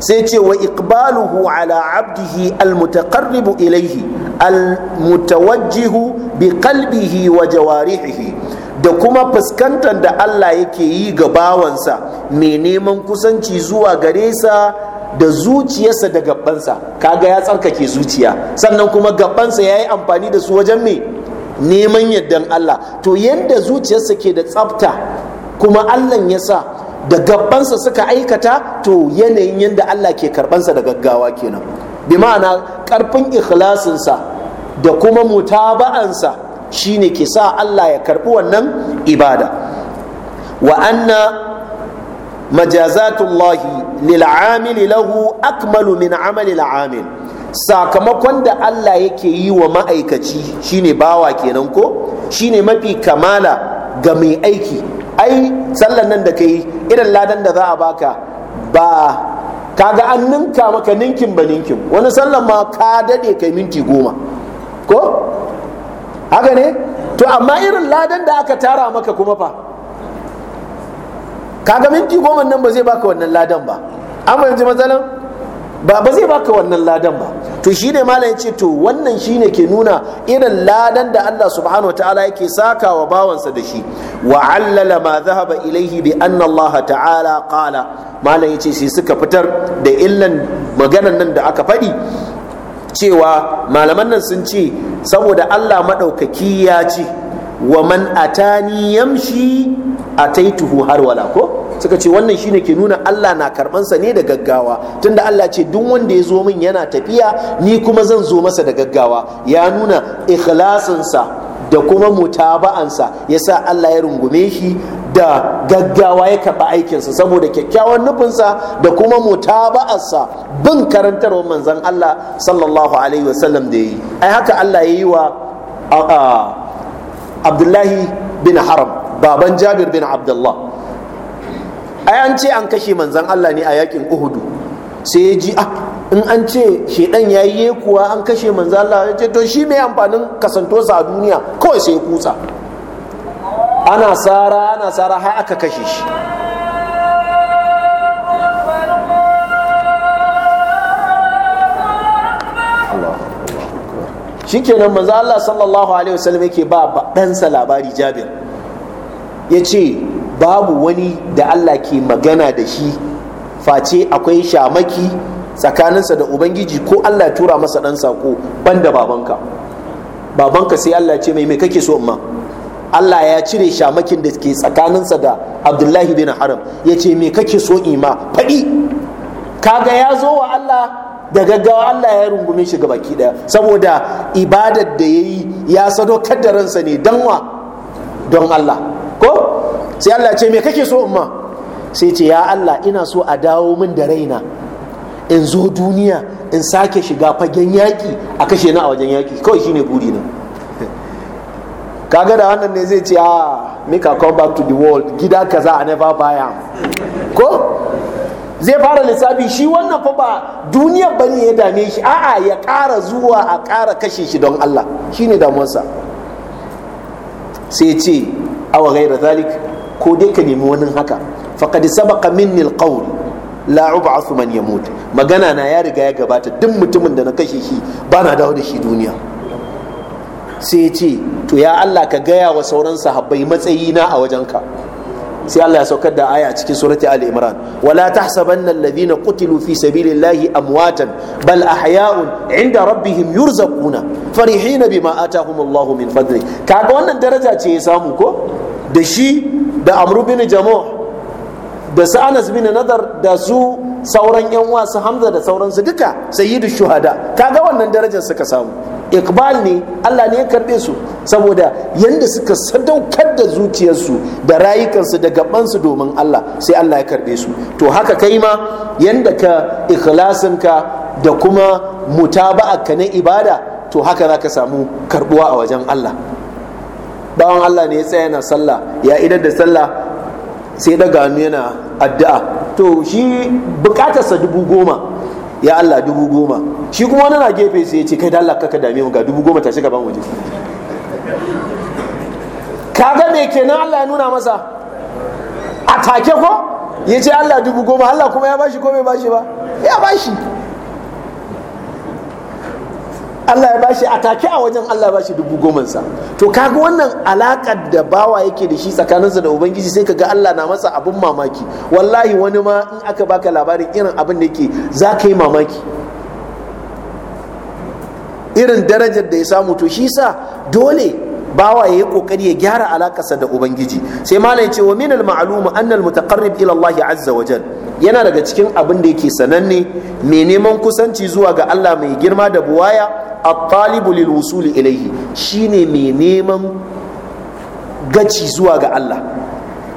sai ce wa iqbaluhu ala abdihi almutaqarribu ilaihi almutawajjihu bi kalbihi wa jawarihi da kuma fuskantar da Allah yake yi ga bawansa mai neman kusanci zuwa gare sa da zuciyarsa da gabansa kaga ya tsarkake zuciya sannan kuma gabansa ya yi amfani da su wajen me neman yardan Allah to yadda zuciyarsa ke da tsafta kuma Allah ya sa da gabbansa suka aikata to yanayin yadda Allah ke karbansa da gaggawa kenan bi ma'ana karfin ikhlasinsa da kuma mutaba'ansa shine ke sa Allah ya karbi wannan ibada wa anna majazatullahi lil'amil lahu akmalu min amali amil sakamakon da Allah yake yi wa ma'aikaci shine bawa kenan ko shine mafi kamala ga mai aiki ai sallan nan da ka yi irin ladan da za a baka ba ka ga an ninka maka ninkin ba ninkin wani sallan ma ka daɗe kai minti goma ko haka ne to amma irin ladan da aka tara maka kuma fa kaga minti goma nan ba zai baka wannan ladan ba an yanzu matsalan ba ba zai baka wannan ladan ba to shine malam ya ce to wannan shine ke nuna irin ladan da Allah subhanahu wa ta'ala yake saka wa bawansa da shi wa allala ma zahaba ilaihi bi anna Allah ta'ala qala malam ya ce sai suka fitar da illan maganan nan da aka faɗi cewa malaman nan sun ce saboda Allah maɗaukaki ya ce wa man atani yamshi ataituhu har wala ko suka ce wannan shine ke nuna Allah na karɓansa ne da gaggawa tunda Allah ce duk wanda ya zo min yana tafiya ni kuma zan zo masa da gaggawa ya nuna ikhlasinsa da kuma mutaba'ansa yasa Allah ya rungume shi da gaggawa ya karɓi aikinsa saboda kyakkyawan nufinsa da kuma mutaba'arsa bin karantarwar manzon Allah sallallahu alaihi wasallam da yi ai haka Allah ya yi wa abdullahi bin haram baban jabir bin abdullah ai an ce an kashe manzan allah ne a yakin uhudu sai ya ji ah in an ce shedan ya yi kuwa an kashe manzan allah ya ce to shi mai amfanin kasantosa a duniya kawai sai ya kutsa ana sara ana sara har aka kashe shi shikenan manzo Allah sallallahu alaihi wasallam yake ba ɗansa labari Jabir yace babu wani da Allah ke magana da shi face akwai shamaki tsakaninsa da ubangiji ko Allah tura masa ɗan sako banda babanka babanka sai Allah ce mai me kake so amma Allah ya cire shamakin da ke tsakaninsa da Abdullahi bin Haram yace ce me kake so ima faɗi kaga ya zo wa Allah da gaggawa Allah ya rungume shi ga baki daya saboda ibadar da ya yi ya sadaukar da ransa ne don wa don Allah ko sai Allah ce me kake so umma sai ce ya Allah ina so a dawo min da raina in zo duniya in sake shiga fagen yaƙi a kashe na a wajen yaƙi kawai shine buri na kaga da wannan ne zai ce a ah, make a come back to the world gida kaza a never buy am ko zai fara lissafi shi wannan fa ba duniya ne ya dame shi a'a ya ƙara zuwa a ƙara kashe shi don Allah shi ne damuwarsa sai ce awa gaira zalik ko dai ka nemi wani haka faqad sabaqa minni alqawl la ub'athu man yamut magana na ya riga ya gabata duk mutumin da na kashe shi ba na dawo da shi duniya sai ce to ya Allah ka gaya wa sauran sahabbai matsayina a wajenka sai Allah ya saukar da aya cikin surati Ali Imran wala tahsabanna alladhina qutilu fi sabilillahi amwatan bal ahya'un 'inda rabbihim yurzaquna farihina bima atahumullahu min fadli kaga wannan daraja ce ya samu ko da shi da Amr bin Jamuh da su bin Nadar da su sauran yan uwa su Hamza da sauransu duka sayyidu shuhada kaga wannan darajar suka samu ikbal ne Allah ne ya karbe su saboda yadda suka sadaukar da zuciyarsu da rayukansu da gabansu domin Allah sai Allah ya karbe su to haka kai ma yadda ka ikhlasinka da kuma ka na ibada to haka za ka samu karbuwa a wajen Allah bawan Allah ne ya tsaya na sallah ya idar da sallah sai daga hannu yana addu'a to shi bukatarsa dubu goma ya Allah dubu goma shi kuma wani na gefe sai ya ce kai da Allah kaka dame mu ga dubu goma tashi gaban waje kaga me kenan Allah ya nuna masa a take ko ya ce Allah dubu goma Allah kuma ya bashi ko bai bashi ba ya bashi Allah ya bashi a take a wajen Allah ya bashi dubu gomansa to kaga wannan alakar da bawa yake da shi tsakaninsa da ubangiji sai kaga Allah na masa abin mamaki wallahi wani ma in aka baka labarin irin abin da yake za ka yi mamaki irin darajar da ya samu to shi sa dole bawa ya yi kokari ya gyara alakarsa da ubangiji sai malam ce wa minal ma'lumu annal mutaqarrib ila Allah azza wa jal yana daga cikin abin da yake sananne mai neman kusanci zuwa ga Allah mai girma da buwaya at-talibu lil wusuli ilayhi shine mai neman gaci zuwa ga Allah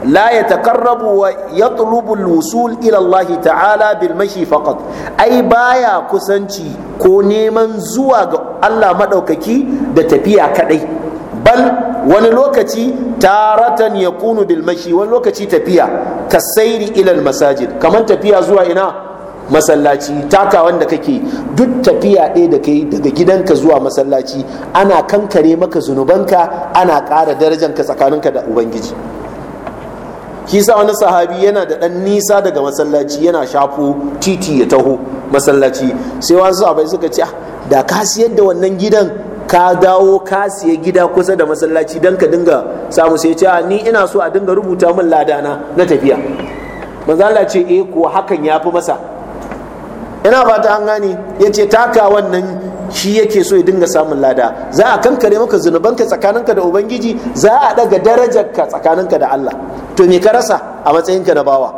la yataqarrabu wa yatlubu al-wusul ila ta'ala bilmashi mashi faqat ai baya kusanci ko neman zuwa ga Allah madaukaki da tafiya kadai bal wani lokaci taratan yakunu bil mashi wani lokaci tafiya kasairi ila al-masajid kamar tafiya zuwa ina masallaci taka wanda kake duk tafiya ɗaya da kai daga gidanka zuwa masallaci ana kankare maka zunubanka ana ƙara darajanka tsakaninka da ubangiji kisa wani sahabi yana da ɗan nisa daga masallaci yana shafo titi ya taho masallaci sai wasu sahabai suka ce ah, da ka siyar da wannan gidan ka dawo ka siya gida kusa da masallaci don ka dinga samu sai ce ah, ni ina so a dinga rubuta min ladana na tafiya manzala ce eh kuwa hakan ya fi masa yana fata an gane ya ce taka wannan shi yake so ya dinga samun lada za a kankare maka zunubanka tsakaninka da ubangiji za a daga darajarka tsakaninka da Allah to me ka rasa a matsayin ka na bawa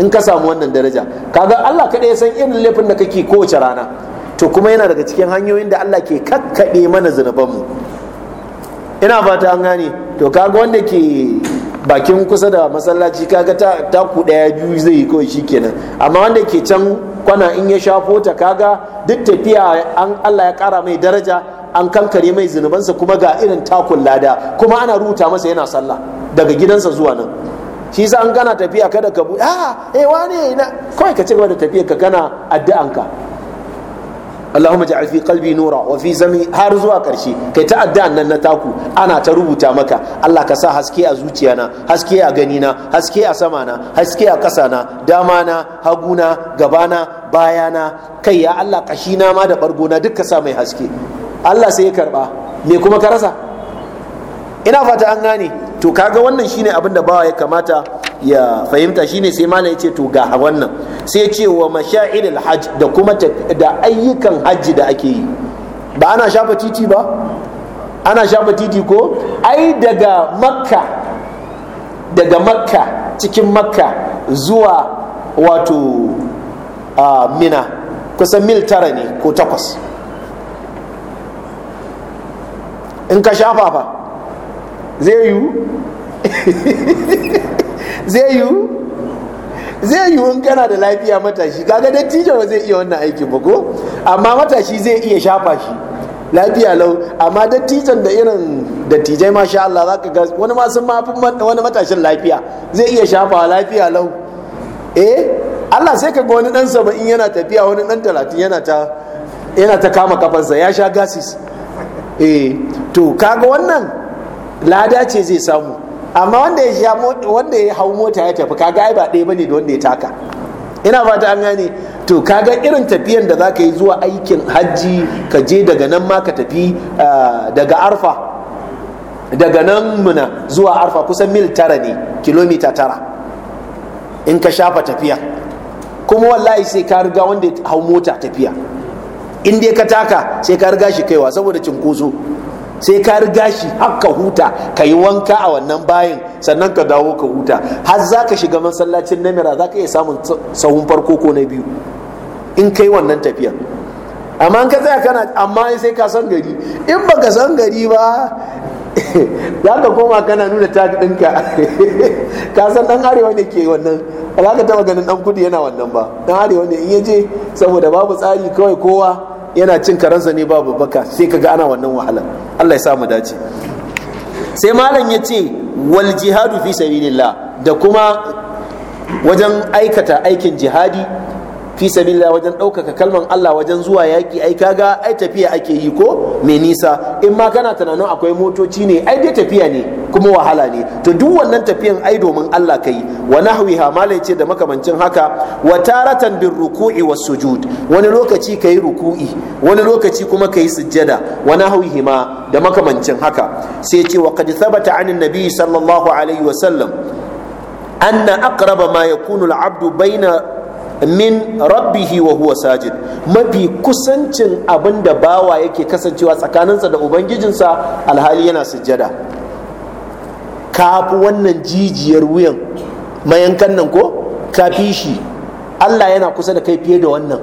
in ka samu wannan daraja kaga Allah kaɗai ya san irin laifin da kake kowace rana to kuma yana daga cikin hanyoyin da Allah ke kakkaɗe mana zunubanmu ina fata an gane to kaga wanda ke bakin kusa da masallaci kaga ta taku ɗaya biyu zai yi kawai shikenan amma wanda ke can kwana in ya shafo ta kaga duk tafiya an Allah ya kara mai daraja an kankare mai zunubansa kuma ga irin takun lada kuma ana rubuta masa yana sallah daga gidansa zuwa nan shi sa an gana tafiya kada ka bu a ah, eh wane na kawai ka ci gaba da tafiya ka gana addu'anka Allahumma ja'al fi qalbi nura wa fi har zuwa karshe kai ta addu'an nan na taku ana ta rubuta maka Allah ka sa haske a zuciyana haske a ganina haske a samana haske a kasana damana haguna gabana bayana kai ya Allah kashina ma da bargona duk ka sa mai haske Allah sai ya karba me kuma ka rasa ina fata an gane to kaga wannan shine abin da bawa ya kamata ya fahimta shine sai malam ya ce to ga wannan sai ya ce wa mashairil alhajj da kuma da ayyukan hajji da ake yi ba ana shafa titi ba ana shafa titi ko ai daga makka daga makka cikin makka zuwa wato mina kusan mil tara ne ko takwas in ka shafa fa zai yiwu zai yiwu zai yiwu in kana da lafiya matashi kaga dattijo ba zai iya wannan aikin ba ko amma matashi zai iya shafa shi lafiya lau amma dattijan da irin dattijai masha Allah za ka ga wani ma sun mafi wani matashin lafiya zai iya shafa lafiya lau eh Allah sai ka ga wani dan saba'in yana tafiya wani dan talatin yana ta yana ta kama kafansa ya sha gasis eh to kaga wannan lada ce zai samu amma wanda ya wanda ya hau mota ya tafi kaga ai ba ɗaya bane da wanda ya taka ina fata an gane to kaga irin tafiyan da za ka yi zuwa aikin hajji ka je daga nan ma ka tafi ah, daga arfa daga nan muna zuwa arfa kusan mil tara ne kilomita tara in ka shafa tafiya kuma wallahi sai ka riga wanda hau mota tafiya in dai ka taka sai ka riga shi kaiwa saboda cinkoso sai ka riga shi har ka huta ka yi wanka a wannan bayin sannan ka dawo ka huta har za ka shiga masallacin namira za ka iya samun sahun farko ko na biyu in kai wannan tafiya amma ka tsaya kana amma sai ka san gari in baka san gari ba za ka koma kana nuna tag ka san dan arewa ne ke wannan ba za ka taɓa ganin dan kudu yana wannan ba Dan arewa ne in ya je saboda babu tsari kawai kowa yana cin karansa ne babu baka sai ka ga ana wannan wahala Allah ya sa mu dace sai malam ya ce wal jihadu fi sabilillah da kuma wajen aikata aikin jihadi fi sabilillah wajen ɗaukaka kalman Allah wajen zuwa yaƙi ai kaga ai tafiya ake yi ko mai nisa in ma kana tunanin akwai motoci ne ai dai tafiya ne kuma wahala ne to duk wannan tafiyan ai domin Allah kai wa nahwiha malai ce da makamancin haka wa taratan bir ruku'i was sujud wani lokaci kai ruku'i wani lokaci kuma kai sujjada wa nahwihi ma da makamancin haka sai ce wa qad thabata anin nabi sallallahu alaihi wa sallam anna aqraba ma yakunu al-abdu baina min rabbihi wa huwa sajid mafi kusancin abin da bawa yake kasancewa tsakaninsa da ubangijinsa alhali yana sujjada kafi wannan jijiyar wuyan mayankan nan ko kafi shi Allah yana kusa da kai fiye da wannan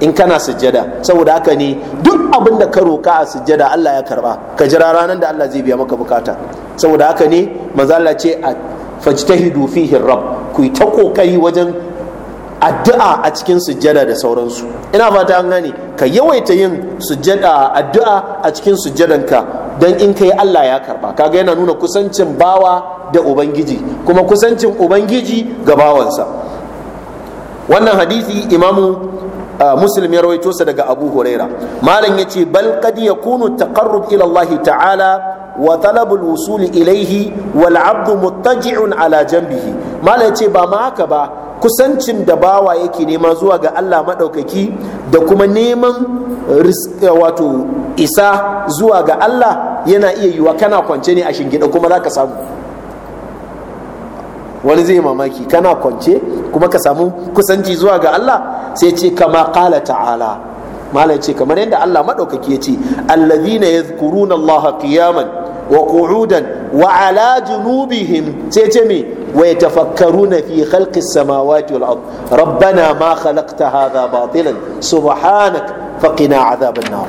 in kana sujjada saboda haka ne duk abin da ka roka a sujjada Allah ya karba ka jira ranar da Allah zai biya maka bukata saboda haka ne manzo Allah ce a fajtahidu fihi rabb ku ta kokari wajen addu'a a cikin sujjada da sauransu ina fata an gane ka yawaita yin sujjada addu'a a cikin sujjadanka Dan in kai Allah ya karba kaga yana nuna kusancin bawa da ubangiji kuma kusancin ubangiji ga bawansa wannan hadisi imamu muslim ya rawaito sa daga abu huraira malam ya ce bal qad yakunu taqarrub ila Allah ta'ala wa talabul wusuli ilaihi wal abdu muttaji'un ala janbihi malam ya ce ba ma haka ba kusancin da bawa yake nema zuwa ga Allah maɗaukaki da kuma neman eh, wato isa zuwa ga Allah yana iya yiwa kana kwance ne a shingida kuma za ka samu wani zai mamaki kana kwance kuma ka samu kusanci zuwa ga Allah sai ce kama kala ta'ala malam ce kamar yadda Allah maɗaukaki ya ce allazina yadhkuruna Allah qiyaman wa qu'udan wa ala junubihim sai ce me ويتفكرون في خلق السماوات والأرض ربنا ما خلقت هذا باطلا سبحانك فقنا عذاب النار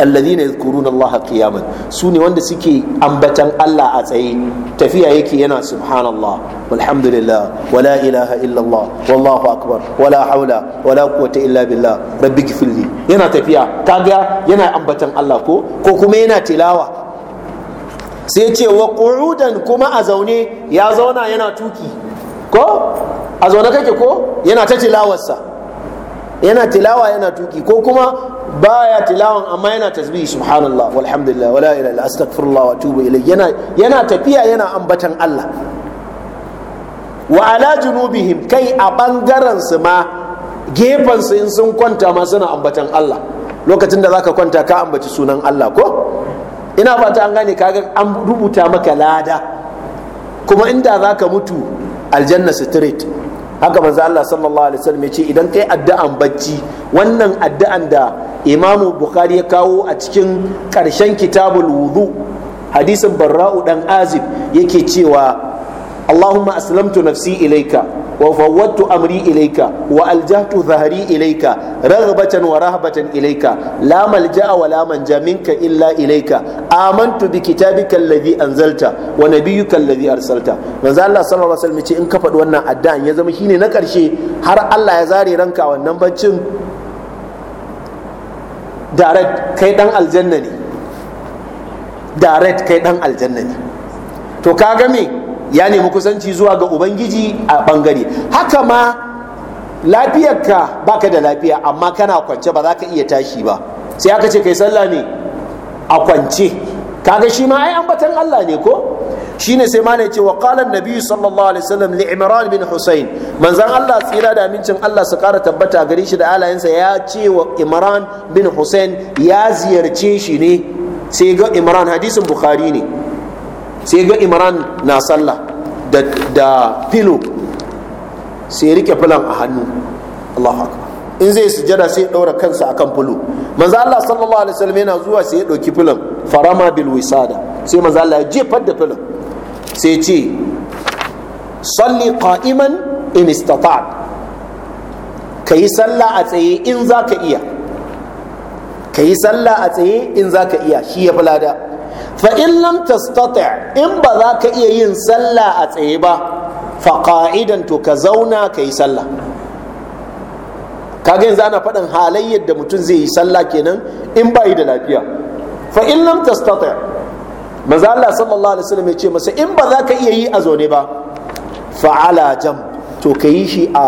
الذين يذكرون الله قياما سوني وند سكي أنبتن الله أتعي تفيا يكي ينا سبحان الله والحمد لله ولا إله إلا الله والله أكبر ولا حول ولا قوة إلا بالله ربك في لي ينا تفيا كاقا ينا أنبتن الله كو كو كمينا تلاوة sai ce wa qu'udan kuma a zaune ya zauna yana tuki ko a zaune kake ko yana ta tilawarsa yana tilawa yana tuki ko kuma baya tilawan amma yana tasbihi subhanallah walhamdulillah wala ila illa astaghfirullah wa atubu ilayh yana yana tafiya yana ambatan Allah wa ala junubihim kai a bangaren su ma gefen su in sun kwanta ma suna ambatan Allah lokacin da zaka kwanta ka ambaci sunan Allah ko ina fata an gane kaga an rubuta maka lada kuma inda za ka mutu aljanna Street, haka manzo Allah sallallahu alaihi wasallam ce idan kai addu'an bacci wannan addu'an da Imamu Bukhari ya kawo a cikin karshen kitabul wudu hadisin Barra'u dan Azib yake cewa Allahumma aslamtu nafsi ilaika wa fawwattu amri ilaika, wa aljahtu zahri ilaika, rarrabatan wa rahbatan ilayka la malja'a wa la manja illa ilaika, amantu bi kitabika alladhi anzalta wa nabiyyika alladhi arsalta manzo Allah sallallahu alaihi wasallam ce in ka faɗi wannan addu'an ya zama shine na ƙarshe har Allah ya zare ranka wannan baccin direct kai dan aljanna ne direct kai dan aljanna to kaga me ya nemi kusanci zuwa ga ubangiji a bangare haka ma lafiyar lafiyarka baka da lafiya amma kana kwance ba za ka iya tashi ba sai aka ce kai sallah ne a kwance kaga shi ma ai ambatan Allah ne ko Shi ne sai malai ce wa qala annabi sallallahu alaihi wasallam li imran bin husayn manzon Allah tsira da amincin Allah su kara tabbata gare shi da alayensa ya ce wa imran bin husayn ya ziyarce shi ne sai ga imran hadisin bukhari ne sai ga imran na sallah da filo sai rike filan a hannu allah haka in zai sujada sai ɗaura kansa akan filo manzo Allah sallallahu alaihi wasallam yana zuwa sai ya ɗauki filan farama bil wisada sai manzo Allah ya jefar da filan sai ce salli qa'iman in istata'at kai sallah a tsaye in zaka iya kai sallah a tsaye in zaka iya shi ya fulada fa in lam tastati in ba za ka iya yin sallah a tsaye ba fa qa'idan to ka zauna ka sallah kaga yanzu ana faɗin halayyar da mutum zai yi sallah kenan in ba yi da lafiya fa in lam tastati manzo Allah sallallahu alaihi wasallam ya ce masa in ba za ka iya yi a zaune ba fa ala jam to ka yi shi a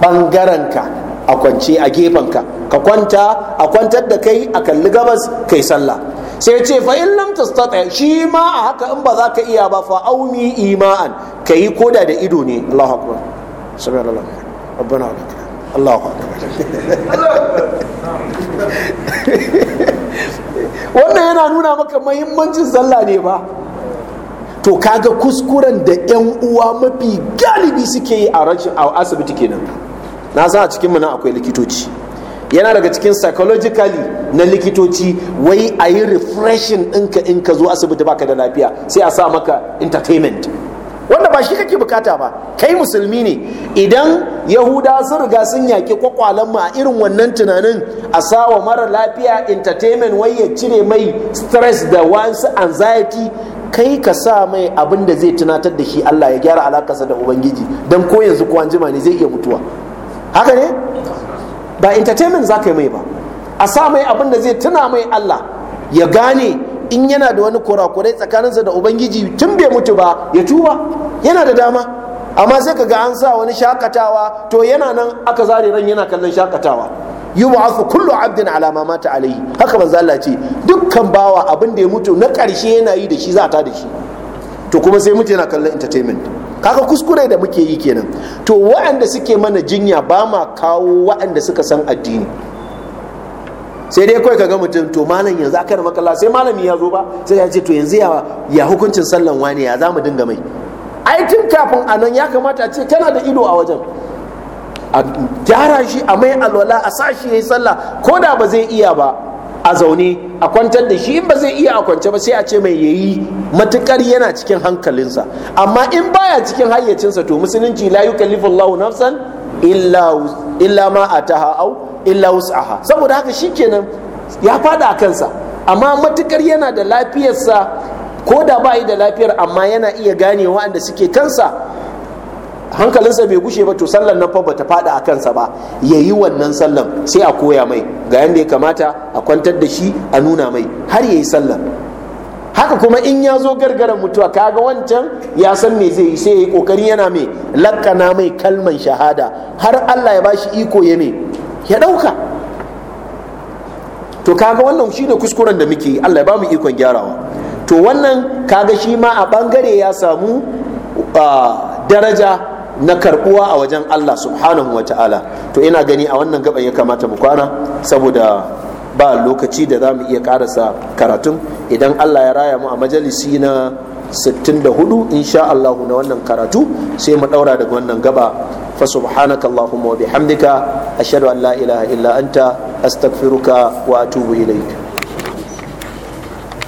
bangaren ka a kwance a gefen ka ka kwanta a kwantar da kai a kalli gabas kai sallah sai ce fa in lam tastata shi ma a haka in ba za ka iya ba fa auni ima'an ka yi koda da ido ne Allahu akbar subhanallahi rabbana wa bihamdika Allahu akbar wannan yana nuna maka muhimmancin sallah ne ba to kaga kuskuren da yan uwa mafi galibi suke yi a rashin asibiti kenan na san a cikin mu nan akwai likitoci yana daga cikin psychologically na likitoci wai a yi refreshing ɗinka in ka zo asibiti baka da lafiya sai a sa maka entertainment wanda ba shi kake bukata ba kai musulmi ne idan yahuda sun riga sun yaƙi kwakwalen mu a irin wannan tunanin a sa wa mara lafiya entertainment wai ya cire mai stress da wasu anxiety kai ka sa mai abin da zai tunatar da shi Allah ya gyara alakarsa da ubangiji don ko yanzu ko anjima ne zai iya mutuwa haka ne ba entertainment za ka yi mai ba a sa mai abin da zai tuna mai Allah ya gane in yana da wani kurakurai tsakaninsa da ubangiji tun bai mutu ba ya tuba yana da dama amma sai ka ga an sa wani shakatawa to yana nan aka zare ran yana kallon shakatawa yi yub'athu kullu 'abdin ala ma mata alayhi haka manzo Allah ce dukkan bawa abin da ya mutu na ƙarshe yana yi da shi za ta da shi to kuma sai mutu yana kallon entertainment kaka kuskure da muke yi kenan to wa'anda suke mana jinya ba ma kawo wa'anda suka san addini sai dai kawai kaga mutum to malam yanzu aka da makalla sai malami ya zo ba sai ya ce to yanzu ya hukuncin sallan wani ya za mu dinga mai ai tun kafin a nan ya kamata ce tana da ido a wajen a gyara shi a mai alwala a sa shi ya yi sallah ko da ba zai iya ba a zaune a kwantar da shi in ba zai iya a kwance ba sai a ce mai yayi matukar yana cikin hankalinsa amma in baya cikin hayyacinsa to musulunci la yukallifu Allahu nafsan illa ma ataha au illa wus'aha saboda haka shikenan ya fada a kansa amma matukar yana da lafiyarsa ko da ba da lafiyar amma yana iya gane waɗanda suke kansa hankalinsa bai gushe ba to sallar nan fa bata fada a kansa ba ya yi wannan sallar sai a koya mai ga yadda ya kamata a kwantar da shi a nuna mai har ya yi sallan haka kuma in ya zo gargaran mutuwa kaga wancan ya san me zai yi sai ya yi kokari yana mai lakana mai kalman shahada har allah ya bashi iko ya mai ya ɗauka to kaga wannan shine kuskuren da muke allah ya ba ikon gyarawa to wannan kaga shi ma a bangare ya samu ah, daraja na karbuwa a wajen Allah subhanahu wa ta'ala to ina gani a wannan gaban ya kamata mu kwana saboda ba lokaci da za mu iya karasa karatun idan Allah ya raya mu a majalisi na 64 insha Allah na wannan karatu sai mu daura daga wannan gaba fa subhanaka allahumma wa bihamdika ashhadu an la ilaha illa anta astaghfiruka wa atubu